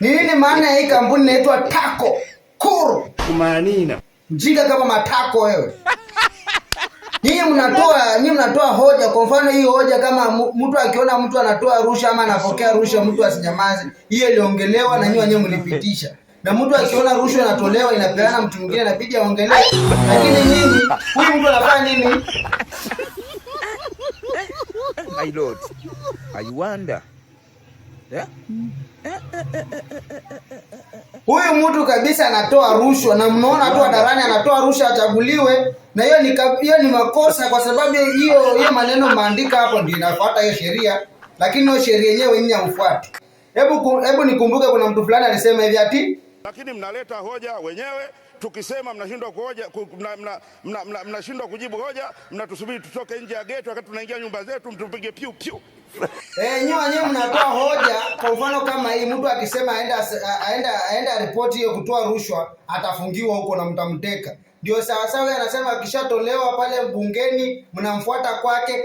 Nini maana ya hii kampuni inaitwa Tako Kuru? Kumaanina. Mjinga kama matako wewe. Nyinyi mnatoa, nyinyi mnatoa hoja. Kwa mfano hii hoja kama mtu akiona mtu anatoa rusha ama anapokea rusha mtu asinyamaze. Hiyo iliongelewa na nyinyi wenyewe mlipitisha. Na mtu akiona rushwa inatolewa inapeana mtu mwingine inabidi aongelee. Lakini nyinyi huyu mtu anafanya nini? My lord. I wonder. Huyu mtu kabisa anatoa rushwa na mnaona tu hadharani anatoa rushwa achaguliwe, na hiyo ni hiyo ni makosa, kwa sababu hiyo hiyo maneno maandika hapo ndio inafuata hiyo sheria, lakini hiyo sheria yenyewe nyinyi hamfuati. Hebu hebu nikumbuke, kuna mtu fulani alisema hivi ati, lakini mnaleta hoja wenyewe tukisema mnashindwa kuhoja, mnashindwa kujibu hoja, mnatusubiri tutoke nje ya geti wakati tunaingia nyumba zetu mtupige piu piu. Eh, nyinyi wenyewe mnatoa hoja. Kwa mfano kama hii, mtu akisema aenda aenda aenda ripoti hiyo kutoa rushwa, atafungiwa huko na mtamteka. Ndio sawa sawa, anasema akishatolewa pale bungeni, mnamfuata kwake